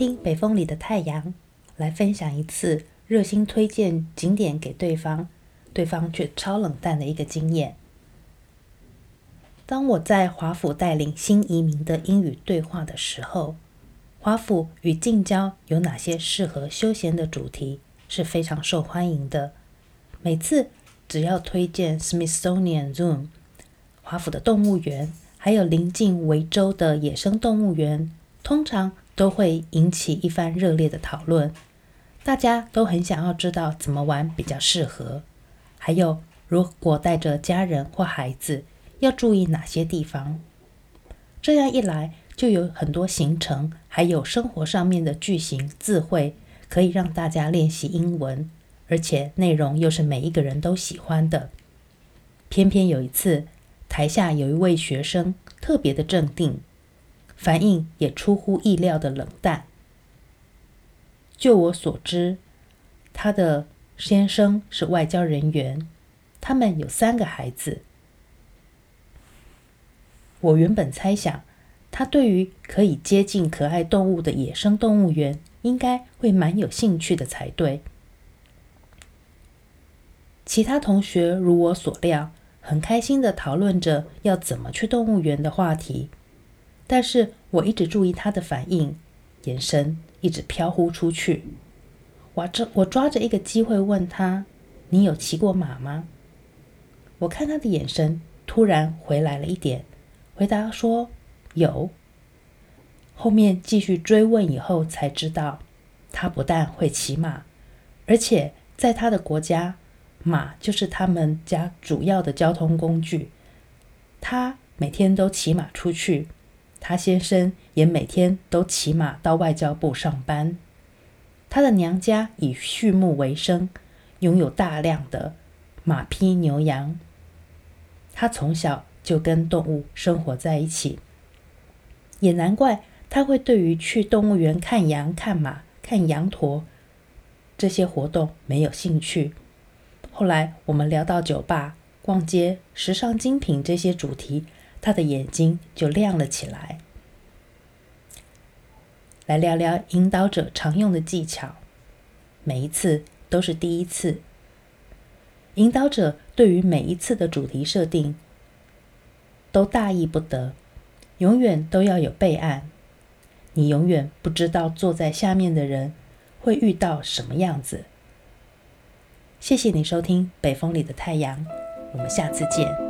聽北風裡的太陽，來分享一次熱心推薦景點給對方，對方卻超冷淡的一個經驗。當我在華府帶領新移民的英語對話的時候，華府與近郊有哪些適合休閒的主題是非常受歡迎的。每次只要推薦 Smithsonian Zoo，華府的動物園，還有鄰近維州的野生動物園。通常都會引起一番熱烈的討論，大家都很想要知道怎麼玩比較適合，還有如果帶着家人或孩子要注意哪些地方。這樣一來，就有很多行程，還有生活上面的句型、字彙，可以讓大家練習英文，而且內容又是每一個人都喜歡的。偏偏有一次，台下有一位學生特別的鎮定。反應也出乎意料的冷淡。就我所知，她的先生是外交人員，他們有三個孩子。我原本猜想，她對於可以接近可愛動物的野生動物園，應該會蠻有興趣的才對。其他同學如我所料，很開心地討論着要怎麼去動物園的話題。但是我一直注意他的反應，眼神一直飄忽出去。我這，我抓着一個機會問他：“你有騎過馬嗎？”我看他的眼神突然回來了一點，回答說：“有。”後面繼續追問以後才知道，他不但會騎馬，而且在他的國家，馬就是他們家主要的交通工具。他每天都騎馬出去。她先生也每天都騎馬到外交部上班。她的娘家以畜牧為生，擁有大量的馬匹、牛羊。她從小就跟動物生活在一起，也難怪她會對於去動物園看羊、看馬、看羊駝這些活動沒有興趣。後來我們聊到酒吧、逛街、時尚精品這些主題。他的眼睛就亮了起來。來聊聊引導者常用的技巧，每一次都是第一次。引導者對於每一次的主題設定都大意不得，永遠都要有備案。你永遠不知道坐在下面的人會遇到什麼樣子。謝謝你收聽《北風裡的太陽》，我們下次見。